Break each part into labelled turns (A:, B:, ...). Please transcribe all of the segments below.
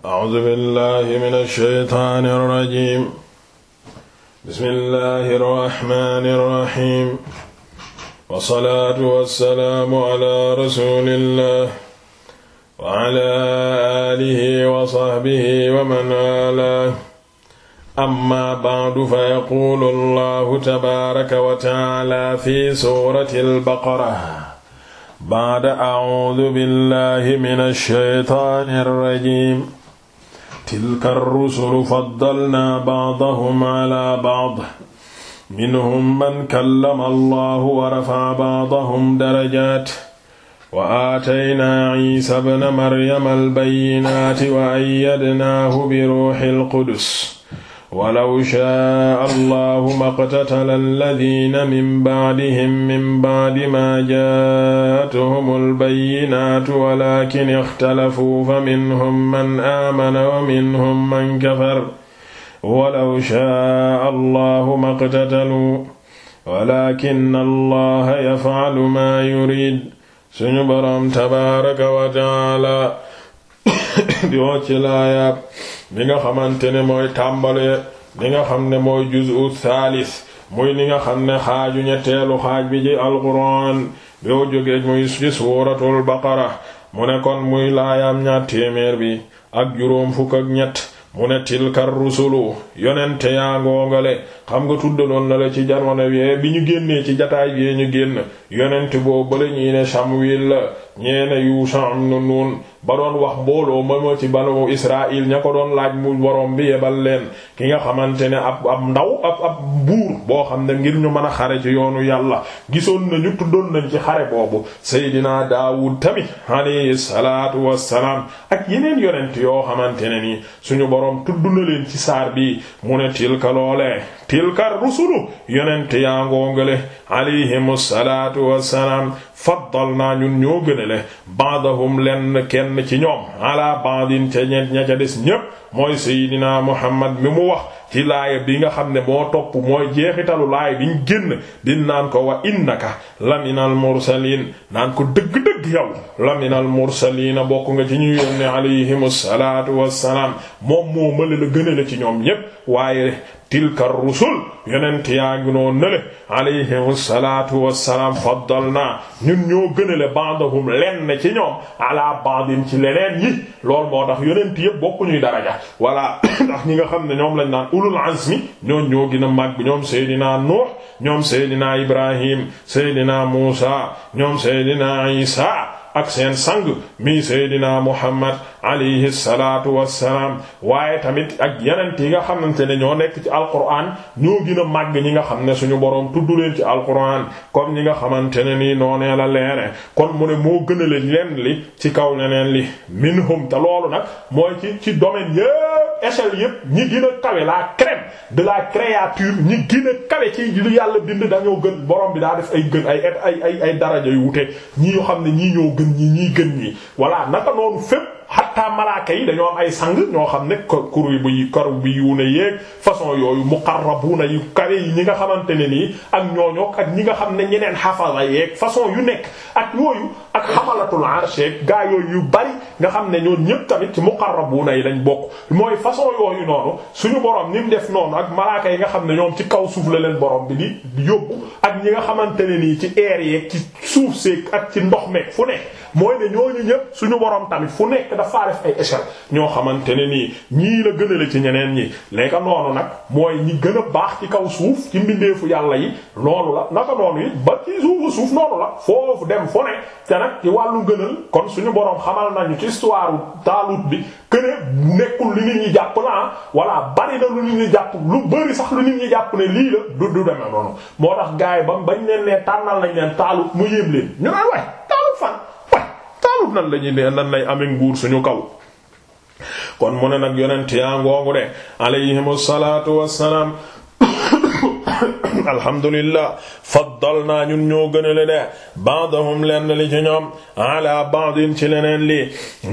A: A'uuzu billaahi mina shaytaani rajiim. Bismillaahi rahmaani rahiim. Wa salaatu wa salaamu ala rasuulillaah. Wa ala aalihi wa sahbihi wa man waalaah. Amma ba'du fa yaquulu Allaahu tabaaraka wa ta'aalaa fi suuratil baqara. Ba'da a'uuzu billaahi mina shaytaani rajiim. tilka rusulu faddalnaa ba'dahum ala ba'd minhum man kallama allahu wa rafa'a ba'dahum darajaat wa aataynaa ciisa bna maryama albayinaati wa ayyadnaahu bi ruuxil qudus walaw shaa allahu maqtatala alladina min baadihim min baadi maa jaatuhum albayinaatu walakin ixtalafuu fa minhum man aamana wa minhum man kafar walaw shaa allahu maqtataluu walakin allaha yafcalu maa yuriid suñu boroom tabaaraka wa taala di wàcc laayaab mi nga xamante ne mooy tàmbale li nga xam ne mooy juzu thalis muy li nga xam ne xaaju ñetteelu xaaj bi ci alquran boo jógee muy ci suuratul baqara mu ne kon muy laayaam ñaar téeméer bi ak juróom fukk ak ñett mu ne tilkar rusulu yonente yaa ngoongale xam nga tuddaloon na la ci jamono yee bi ñu génnee ci jataay yee ñu génn yonente boo bale ñuy ne Samwil la ñeena Yusha ibn Nun ba doon wax mbooloo moomoo ci ba banu Israil ña ko doon laaj mu borom bi yebal leen ki nga xamante ne ab ab ndaw ab ab buur boo xam ne ngir ñu mën a xare ci yoonu yàlla gisoon nañu tuddoon nañ ci xare boobu Seydina Daawud tamit alayhi salaatu wassalaam ak yeneen yonent yoo xamante ne ni suñu borom tudd na ci saar bi mu ne tilka loole tilkar rusulu yonent yaa ngoongale alayhimu salaatu wassalaam faddal naa ñun ñoo gënale baadahum lenn kenn ci ñoom ala baadin ca ña ca des ñépp mooy seydinaa muhammad mi mu wax ci laaya bi nga xam ne moo topp mooy jeexitalu laaya biñ génn din naan ko wa innaka laminal mursaliin naan ko dëgg-dëgg yow laminal mursaliina bokk nga ci ñu yónne alayhimu wassalaam moom moo mële gënale ci ñoom ñépp waaye tilka rusul yonent yaa ngi noo nale alayhim salaatu wassalaam faddal naa ñun ñoo gënale bandahum lenn ci ñoom ala bandim ci leneen yi loolu moo tax yonent yëpp bokkuñuy daraja walla ndax ñi nga xam ne ñoom lañ naan ulul azmi ñoom ñoo gën a màgg ñoom seydinaa nuux ñoom seydinaa ibrahim seydinaa muusa ñoom seydinaa isa ak seen sang mi seydina muhammad alayhi salaatu wassalaam waaye tamit ak yenent yi nga xamante ne ñoo nekk ci alquran ñoo gën a màgg ñi nga xam ne suñu boroom tudd leen ci alquran comme ñi nga xamante ne nii noonee la leere kon mu ne moo gën a leen li ci kaw leneen li minhum te loolu nag mooy ci ci domaine yëpp échelle yëpp ñi gën kawe la crème de la créature ñi gën a kawe ci yàlla bind dañoo gën borom bi daa def ay gën ay ay ay daraja yu wute ñi yoo xam ñi ñiy gën ñi voilà naka noonu fépp xatta malaaka yi dañoo ay sang ñoo xam ne kuru bi karu bi yu ne yéeg façon yooyu muqarrabuna yu kare yi ñi nga xamante ne nii ak ñooñoo ak ñi nga xam ne ñeneen xafala yeeg façon yu nekk ak yooyu ak xamalatul arsh yu bari nga xam ne ñoon ñëpp tamit ci muqarrabuna yi lañ bokk mooy façon yooyu noonu suñu borom ni mu def noonu ak malaaka yi nga xam ne ñoom ci kaw suuf la leen borom bi di yóbbu ak ñi nga xamante ne nii ci air yeeg ci suuf seeg ak ci ndox meeg fu ne mooy ne ñooñu ñëpp suñu borom tamit fu nekk dafa def ay échelle ñoo xamante ne nii ñii la gënale ci ñeneen ñi neka noonu nag mooy ñi gën a baax ci kaw suuf ci mbindeefu yàlla yi noonu la naka noonu yi ba ci suufu suuf noonu la foofu dem fu ne te nag ci wàllu gënal kon suñu borom xamal nañu ci histoire Taalut bi këne nekkul li nit ñi jàpp naa ah. walla bari na lu nit ñi jàpp lu bari sax lu nit ñi jàpp ne lii la du du demee noonu moo tax gaay ba bañ leen ne tànnal nañ leen Taalut mu yéem leen nguur nan lañuy dee nan lay amee nguur suñu kaw mu ne nag yonent yaa ngoogu de alayhimu salaatu wassalaam alhamdulillah faddalnaa ñun ñoo gënale de ba'dahum lenn li ci ñoom ala ba'din ci leneen li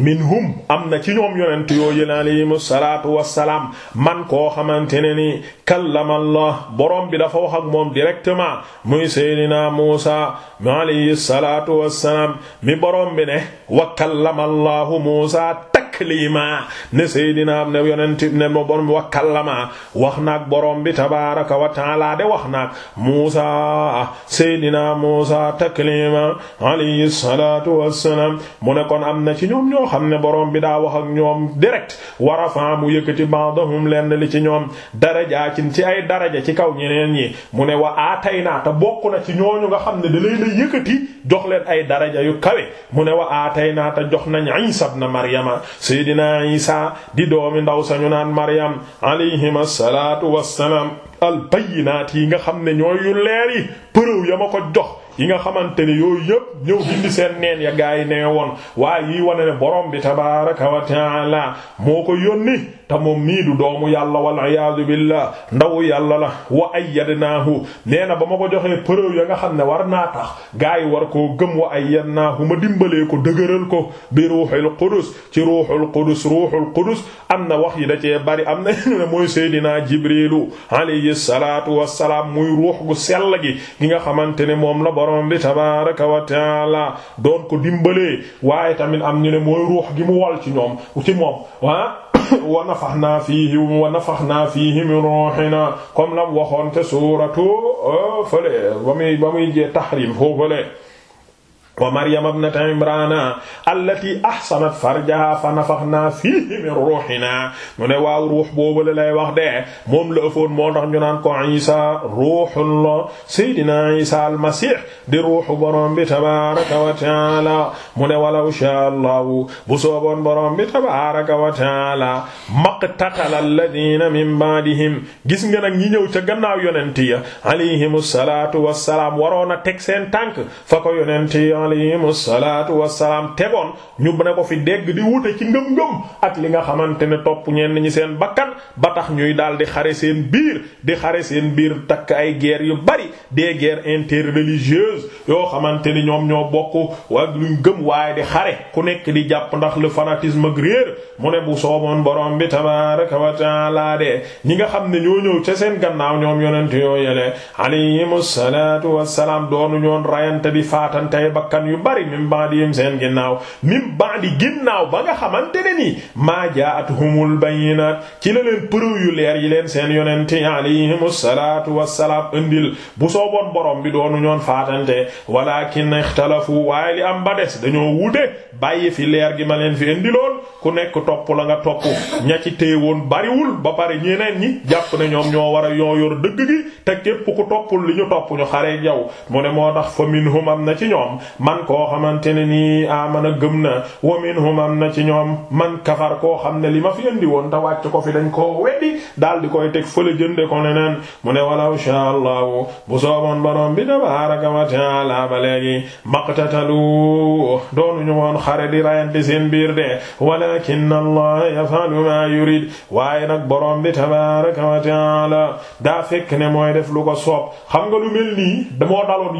A: minhum am na ci ñoom yonent yooyu alayhimu salaatu wassalaam man koo xamante ne ni kallama Allah borom bi dafa wax ak moom directement muy Seydina Muusa alayhi salaatu wassalaam mi borom bi ne wa kallama Allahu Muusa takliima ne Seydina ne yonent ne ma borom wa kallama wax naag borom bi tabaaraka wa taala de wax naag Muusa Seydina Muusa takliima alayhi salaatu wassalaam mu ne kon am na ci ñoom ñoo xam ne borom bi daa wax ak ñoom direct wa rafa mu yëkkati ba'dahum lenn li ci ñoom daraja ci ay daraja ci kaw ñeneen ñi mu ne wa aatayna ta bokk na ci ñooñu nga xam ne da leen a jox leen ay daraja yu kawe mu ne wa aataynaa te jox nañ Isa ibn Maryama Seydina Isa di doomi ndaw sañu naan Maryam alayhim assalaatu wassalaam al bayyinaat yi nga xam ne ñooy yu leer yi përëw ya ko jox yi nga xamante ne yooyu yëpp ñëw dindi seen ya gaa yi nee woon waaye yi wane ne borom bi tabaraka wa taala moo ko yónni te moom mii du doomu yàlla wal iyaadu billah ndawu yàlla la wa ayyadnaahu nee na ba ma ko joxee preuve ya nga xam ne war naa tax gaa yi war koo gëm wa ayyadnaahu ma dimbalee ko dëgëral ko bi ruuxul qudus ci ruuxul qudus ruuxul qudus am na wax yi da cee bari am na ñu ne mooy seydinaa jibrilu alayhi salaatu wassalaam muy ruux gu sell gi gi nga xamante ne moom la borom bi tabaaraka wa taala doon ko dimbalee waaye tamit am ñu ne mooy ruux gi mu wal ci ñoom ci moom ah wa nafaxnaa fiihi wa nafaxnaa fiihi min ruuhinaa comme lam waxoon te suuratu euh, fële ba muy ba muy jee tahrim foofu fële wa maryama ibnata imrana allati ahsanat farjaha fa nafaxna fiihi min ruuxina mu ne waaw ruux boobu la lay wax de moom la ëfoon moo tax ñu naan ko isa ruuxullah seydina isa almasih di ruuxu borom bi tabaraka wa taala mu ne walaw shaa allahu bu sooboon borom bi tabaraka wa taala maqtatala alladina min baadihim gis nga nag ñi ñëw ca gannaaw yonent ya alayhim salaatu wassalaam waroon a teg seen tànk fa ko yonent ya alayhim salaatu wassalaam tegoon ñu ne ko fi dégg di wute ci ngëm-ngëm ak li nga xamante ne topp ñenn ñi seen bakkan ba tax ñuy daal di xare seen biir di xare seen biir takk ay guerre yu bari des guerres interreligieuses yoo xamante ni ñoom ñoo bokk ak luñ gëm waaye di xare ku nekk di jàpp ndax le fanatisme ak réer mu ne bu sooboon borom bi tabaaraka wa taala ñi nga xam ne ñoo ñëw ca seen gannaaw ñoom yonent yoo yele alayhimu salaatu wassalaam doonu ñoon rayante di faatantey bakkan yu bari mim baadi yim seen ginnaaw mim baadi ginnaaw ba nga xamante ne nii maa jaatuhumul bayyinaat ci la leen preuve yu leer yi leen seen yonent alayhimu salaatu wassalaam sooboon borom bi doonu ñoon faatante walakin ixtalafu waaye li am ba des dañoo wute bàyyi fi leer gi ma leen fi indi lool ku nekk topp la nga topp ña ci téewoon bariwul ba pare ñeneen ñi jàpp ne ñoom ñoo war a ñoo yor dëgg gi te képp ku toppul li ñu topp ñu xare yow mu ne moo tax fa minhum am na ci ñoom man koo xamante ne nii amana gëm na wa minhum am na ci ñoom man kafar koo xam ne li ma fi indi woon te wàcc ko fi dañ koo weddi daal koy teg ko leneen mu ne sooboon borom bi tabaaraka wa taala ba léegi maqtatalu doonuñu woon xare di rayante seen de walakin allah yafalu ma yurid waaye nag borom bi tabaaraka wa taala daa fekk ne mooy def lu ko soob xam mel nii damoo daloon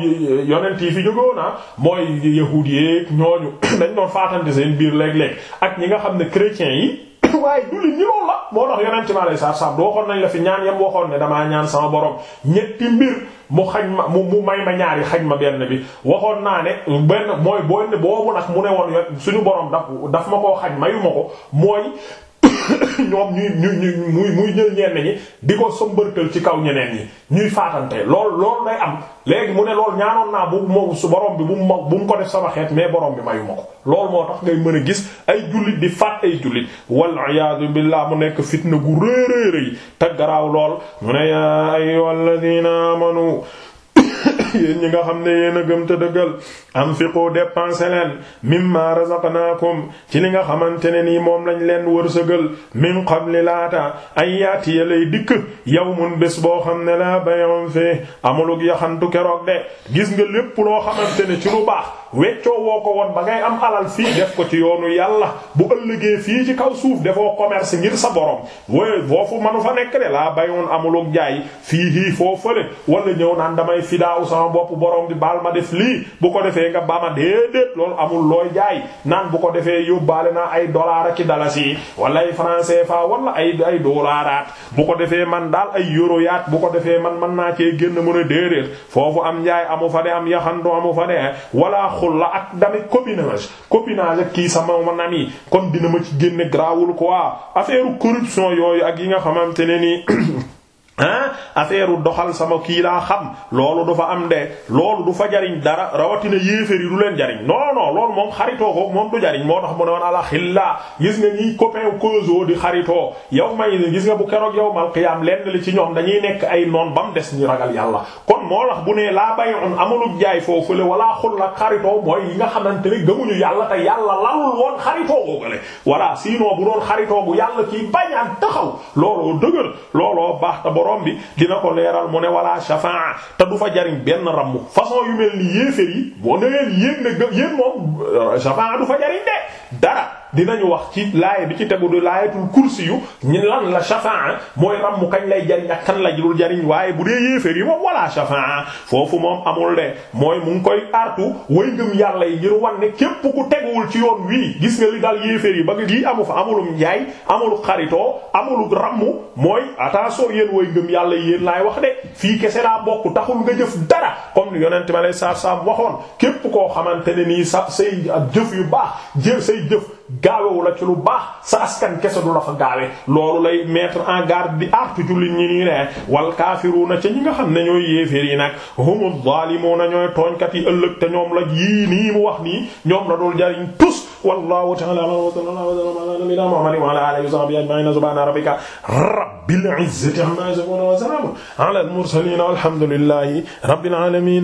A: yonent yi fi jógoon na ah, mooy yahuud yeek ñooñu dañ doon faatante seen biir léeg ak ñi nga xam ne chrétiens yi waaye jullit ñi loolu la moo tax yonent mi alayhi salaatu salaam waxoon nañ la fi ñaan yam waxoon ne damaa ñaan sama borom ñetti mbir mu xañ ma mu may ma ñaari xaj ma benn bi waxoon naa ne benn mooy boo ne boobu nag mu ne woon suñu borom daf daf ma koo xaj mayu ma ko mooy ñoom ñuy ñuy muy muy ñël ñenn ñi di ko sombërtal ci kaw ñeneen ñi ñuy faatante lool loolu lay am léegi mu ne loolu ñaanoon naa bu moom su borom bi bu mu bu mu ko def sama xeet mais borom bi mayu ma ko loolu moo tax ngay mën a gis ay jullit di faat ay jullit wal iyaadu billaah mu nekk fitna gu rëy rëy te garaaw lool mu ne yaa ayyuhal yéen ñi nga xam ne yéen a gëm te dëggal anfiqu dépenser leen mimma razaqnaakum ci li nga xamante ne nii moom lañ leen wërsëgal min qabli laata ay yaati ya lay dikk yawmun bés boo xam ne laa bay'un fi amulug yaxantu keroog de gis nga lépp loo xamante ne ci lu baax weccoo woo ko woon ba ngay am alal fii def ko ci yoonu yàlla bu ëllëgee fii ci kaw suuf defoo commerce ngir sa borom wooy foofu manu fa nekk de laa bay'un amulug jaay fii fii foo fële wala sama bopp borom bi baal ma def lii bu ko defee nga ba ma déedéet loolu amul looy jaay naan bu ko defee yóbbaale naa ay dollar ak dalasi wala ay franc CFA wala ay ay dollaraat bu ko defee man daal ay euro yaat bu ko defee man man naa cee génn mën a déedéet foofu am njaay amu fa de am yaxandu amu fa de wala xulla ak damit copinage copinage ak kii sama ma nan yi comme dina ma ci génne grawul a affaire corruption yooyu ak yi nga xamante nii ah affaire doxal sama kii laa xam loolu du fa am de loolu du fa jariñ dara rawatina yéeféer yi du leen jariñ non non loolu moom xaritoo ko moom du jariñ moo tax mu ne woon alaxilla gis nga ñiy copain causo di xaritoo yow may gis nga bu keroog yow mal qiyaam lenn li ci ñoom dañuy nekk ay noon ba mu des ñu ragal yàlla kon moo tax bu ne laa bay on amulug jaay foofule wala xulla xaritoo mooy yi nga xamante ne gëmuñu yàlla te yàlla lalul woon xaritoo googale voilà sinon bu doon xaritoo bu yàlla kii bañaan taxaw looloo dëgër looloo baax borom bi dina ko leeral mu ne shafaa te du fa jariñ benn rammu façon yu mel ni yéeféer yi boo ne leen yéen ne yéen moom euh, shafaa du fa jariñ de dara dinañu wax ci laaya bi ci tegu du laayatul kursi yu ñi lan la shafaa mooy ram mu kañ lay jariñ ak kan la dul jariñ waaye bu dee yéeféer yi moom walla shafaa foofu moom amul de mooy mu ngi koy artu way ngëm yàlla yi ngir wan ne képp ku teguwul ci yoon wii gis nga li dal yéeféer yi ba lii amu fa amulum njaay amul xaritoo amuluk rammu mooy attention yéen way ngëm yàlla yi yéen laay wax de fii kese laa bokk taxul nga jëf dara comme ni yonent ma lay saab saab waxoon képp koo xamante ne nii sa say jëf yu baax jëf say jëf gaawewu la ci lu baax sa askan kese du la fa gaawe loolu lay mettre en garde di artu jullit ñi nii ne wal kaafiruuna ca ñi nga xam ne ñooy yéeféer yi nag humu zaalimuuna ñooy tooñkat yi ëllëg te ñoom la yii nii mu wax nii ñoom la dul jariñ tus wallahu ta'ala wa sallallahu wa sallam ala nabiyyina muhammadin wa ala alihi wa sahbihi ajma'in subhana rabbika rabbil izzati amma yasifun wa salamun ala al mursalin walhamdulillahi rabbil alamin